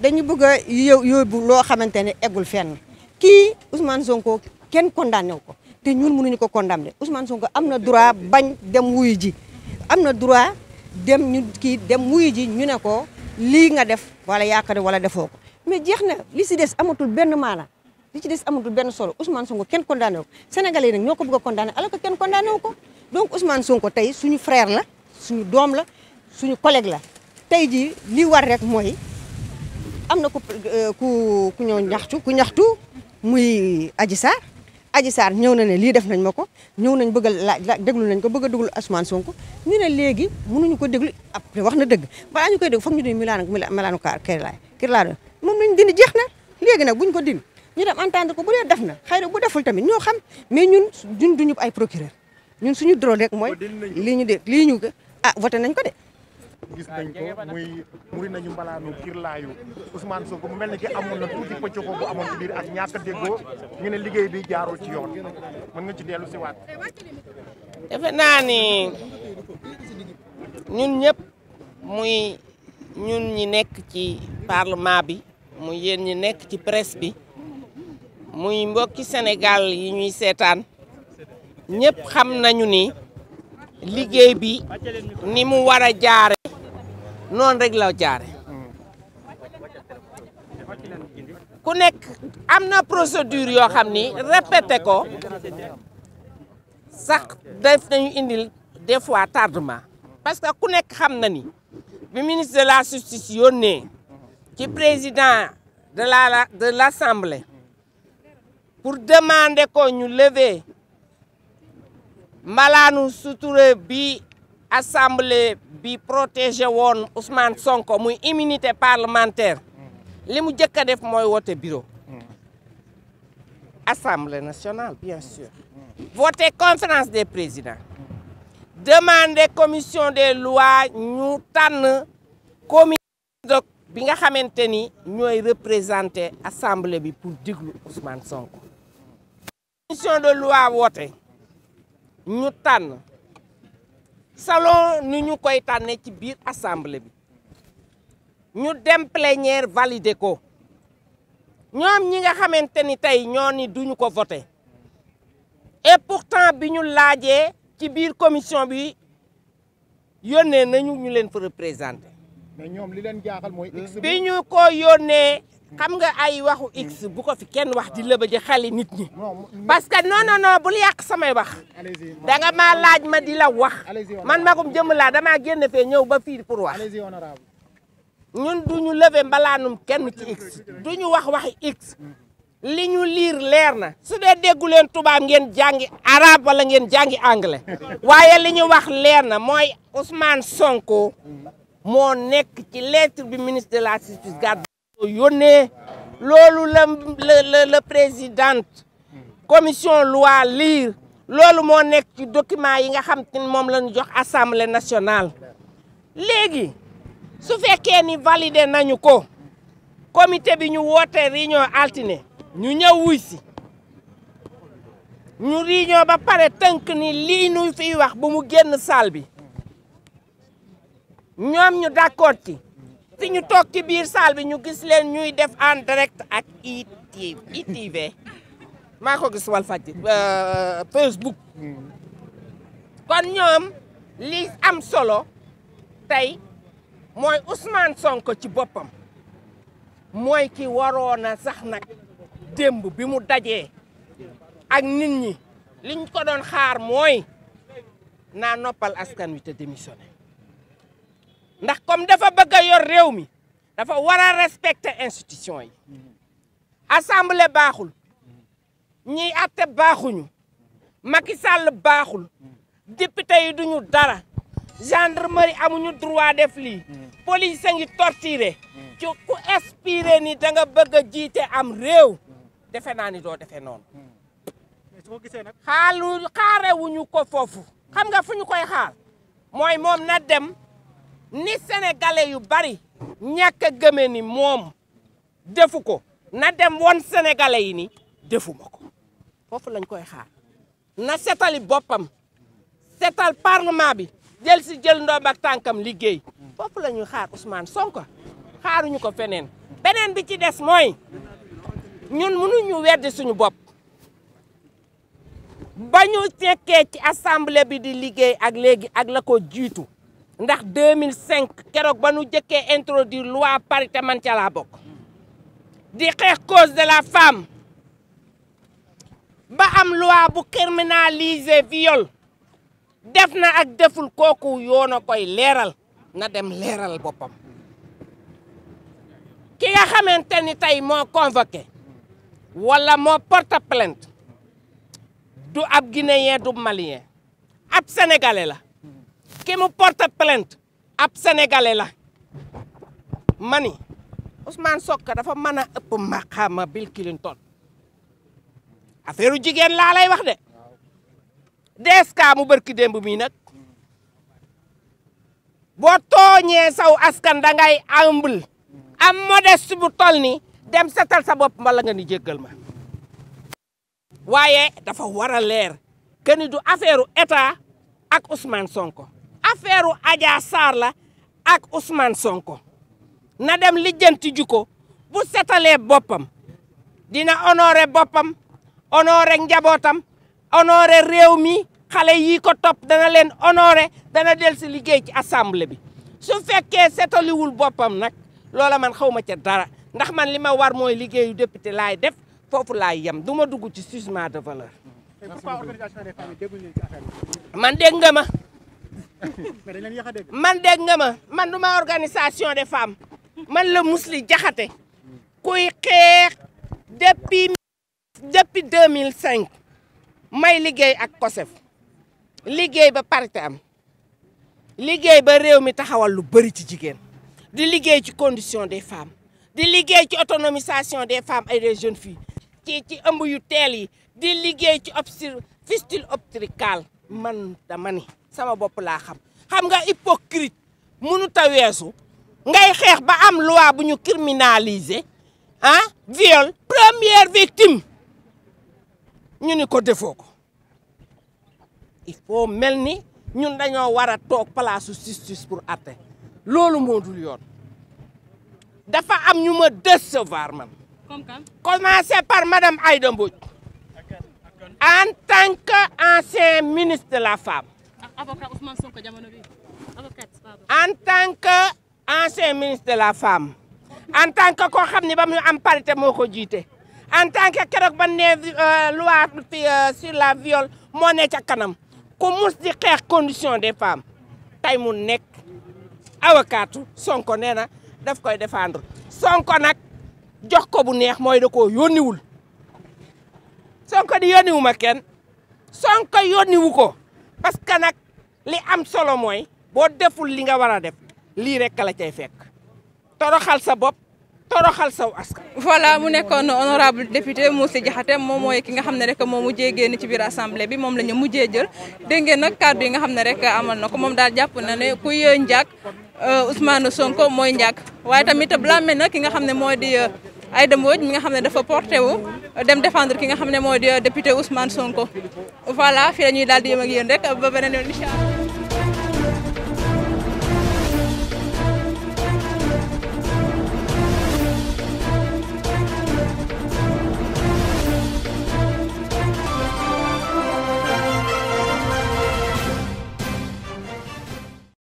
dañu bëgg a bu loo xamante ne eggul fenn kii Ousmane Sonko kenn condamné ko te ñun mënuñu ko condamné Ousmane Sonko am na droit bañ dem wuyu ji am na droit dem ñu kii dem wuyu ji ñu ne ko lii nga def wala yaakaar wala defoo ko mais jeex na li si des amatul benn maana li ci des amatul benn solo Ousmane Sonko kenn condamné wu ko Sénégalais yi nag ñoo ko bëgg a condamné alors kenn condamné wu ko donc Ousmane Sonko tey suñu frère la suñu doom la suñu collègue la tey jii li rek mooy. am na ku euh, ku ku ñëw ñaxtu ku ñaxtu muy Adji Sarr Adji Sarr ñëw na ne lii def nañ ma ko ñëw nañ bëgg a laaj déglu nañ ko bëgg a déglu Ousmane Sonko ñu ne léegi mënuñu ko déglu après wax na dëgg balaa ñu koy déglu foog ñu ne Milano Milano Kirlaay Kirlaay moom lañ dindi jeex na léegi nag buñ ko dindi ñu dem entendre ko bu dee def na xëy na bu deful tamit ñoo xam mais ñun ñun duñu ay procureur ñun suñu droit rek mooy lii ñu de lii ñu ah voté nañ ko de gis ah, nañ ko muy muri nañu mbalaanu kirlaayu Ousmane Sonko mu mel ni ki amoon na tuuti pëccëxoo bu amoon ci biir ak ñàkk déggoo ñu liggéey bi jaarul ci yoon mën nga ci dellu si waat defe naa ni ñun ñëpp muy ñun ñi nekk ci parlement bi muy yéen ñi nekk ci presse bi muy mbokki Sénégal yi ñuy seetaan ñëpp xam nañu ni liggéey bi ni mu war a jaare noonu rek law jaare ku nekk am na procédure yoo xam ni répété ko sax def nañu indil des fois tardement parce que ku nekk xam na ni bi ministre de la justice yónnee ci président de la l'assemblée pour demander ko ñu lever malaanu sutura bi assemblée bi protégé woon Ousmane Sonko muy immunité parlementaire mm. li mu njëkk a def mooy wote bureau mm. assemblée nationale bien mm. sûr voté conférence des président demandé commission des lois ñu tànn bi nga xamante ni ñooy représenté assemblée bi pour diglu Ousmane Sonko commission de loi woote ñu tànn salon ni ñu koy tànne ci biir assemblée bi ñu dem plénière valider ko ñoom ñi nga xamante ni tey ñoo ni duñu ko voté et pourtant bi ñu laajee ci biir commission bi yónnee nañu ñu leen fa représenté ñoom li leen jaaxal mooy bi ñu ko yónnee xam nga ay waxu x bu ko fi kenn wax di lëbëji xeli nit ñi parce que non non non bul yàq samay wax da nga maa laaj ma di la wax man magum jëm laa damaa génn fee ñëw ba fii pour wax ñun duñu lëve mbalaanum kenn ci x ñu wax waxi x li ñu liir leer na su dee déggu leen tubaab ngeen jàngi arabe walla ngeen jàngi anglais waaye li ñu wax leer na mooy Ousmane Sonko moo nekk ci lettre bi ministre de la justice gàddu yónnee loolu la la la présidente commission moo nekk ci document yi nga xam te moom lañu ñu jox assemblée nationale. léegi su fekkee ni validé nañu ko comité bi ñu woote réunion altine ñu ñëw wuy si ñu réunion ba pare tënk ni lii ñu fiy wax bu mu génn salle bi ñoom ñu d'accord ci. direct ñu toog ci biir salle bi ñu gis leen ñuy def en direct ak ITV maa ko gis Walfadjri euh, Facebook kon ñoom li am solo tey mooy Ousmane Sonko ci boppam mooy ki waroon a sax nag démb bi mu dajee ak nit ñi liñ ko doon xaar mooy naa noppal askan wi te démissionné ndax comme dafa bëgg a yor réew mi dafa war a respecter institution yi assemblée baaxul ñiy àtte baaxuñu Macky Sall baaxul député yi duñu dara gendarmerie amuñu droit def lii police a ngi torturé ci ku expiré ni da nga bëgg a jiite am réew defe naa ni doo defee noonu xaalu xaarewuñu ko foofu xam nga fu koy xaar mooy moom na dem ni sénégalais yu bari ñàkk a gëme ni moom defu ko na dem woon sénégalais yi ni defuma ko foofu lañ koy xaar na setali boppam setal parlement bi jël si jël ndoom ak tànkam liggéey foofu la ñuy xaar Ousmane Sonko xaaruñu ko feneen beneen bi ci des moy ñun mënuñu weddi suñu bopp ba ñu nekkee ci assemblée bi di liggéey ak léegi ak la ko jiitu ndax 2005 keroog ba nu jëkkee introduire loi parité man ca bokk di xeex cause de la femme ba am loi bu criminaliser viol def na ak deful kooku yoona koy leeral na dem leeral boppam ki nga xamante ni tey moo convoqué walla moo porte plainte du ab guinéen du malien ab sénégalais la ki mu porte plainte ab sénégalais la mani ni Ousmane dafa mën a ëpp maqaama Bill Clinton affaire jigéen laa lay wax de DSK mu bërki démb mii nag boo tooñee saw askan da ngay humble am modeste bu tol ni dem setal sa bopp mbala nga ni jéggal ma waaye dafa war a leer que du affaire état ak Ousmane Sonko affaire Adja Sarr la ak Ousmane Sonko na dem lijjanti ju ko bu setalee boppam dina honoré boppam honoré njabootam honoré réew mi xale yii ko topp dana leen honoré dana del si liggéey ci assemblée bi su fekkee setaliwul boppam nag loola man xaw ma ca dara ndax man li ma war mooy liggéeyu député laay def foofu laay yem du ma dugg ci jugement de valeur man dégg man dégg nga ma man du ma organisation des femmes man la Mously jaxate kuy xeex depuis depuis 2005 may liggéey ak COSEF liggéey ba parité am liggéey ba réew mi taxawal lu bëri ci jigéen di liggéey ci condition des femmes di liggéey ci autonomisation des femmes ay des jeunes filles ci ci ëmb yu teel yi di liggéey ci obstétrique fistule obstétricale man dama sama bopp laa xam xam nga hypocrite mënut a weesu ngay xeex ba am loi bu ñu criminaliser ah viol première victime ñu ni ko defoo ko il faut mel ni ñun dañoo war a toog palaasu justice pour atte loolu moo dul yoon dafa am ñu ma décevoir man commencé par madame Aïda Mbodj en tant que ancien ministre de la femme avocat Ousmane Sonko jamono bi avocate en tant ministre de la femme en tant que koo xam ne ba mu am parité moo ko jiite en tant que keroog ba ne euh, loi euh, sur la viol moo ne ca kanam ku mus di xeex condition des femmes tey mu nekk avocatu Sonko nee na daf koy défendre Sonko nag jox ko bu neex mooy de ko yónniwul Sonko di yónniwu ma Sonko yónniwu ko parce li am solo mooy boo deful li nga war a def lii rek la cay fekk toroxal sa bopp toroxal saw askan. voilà mu nekkoon honorable député Moussa Diakhaté moom mooy ki nga xam ne rek moo mujjee génn ci biir assemblée bi moom lañu ñu mujjee jël dégg ngeen nag kàddu yi nga xam ne rek amal na ko moom daal jàpp na ne kuy njàkk euh, Ousmane Sonko mooy njàkk waaye tamit blâme na ki nga xam ne mooy di. Euh, ay Aïda Mbodj mi nga xam ne dafa porté wu dem défendre ki nga xam ne moo di député Ousmane Sonko voilà fii la ñuy daal di yem ak yéen rek ba beneen yoon incha allah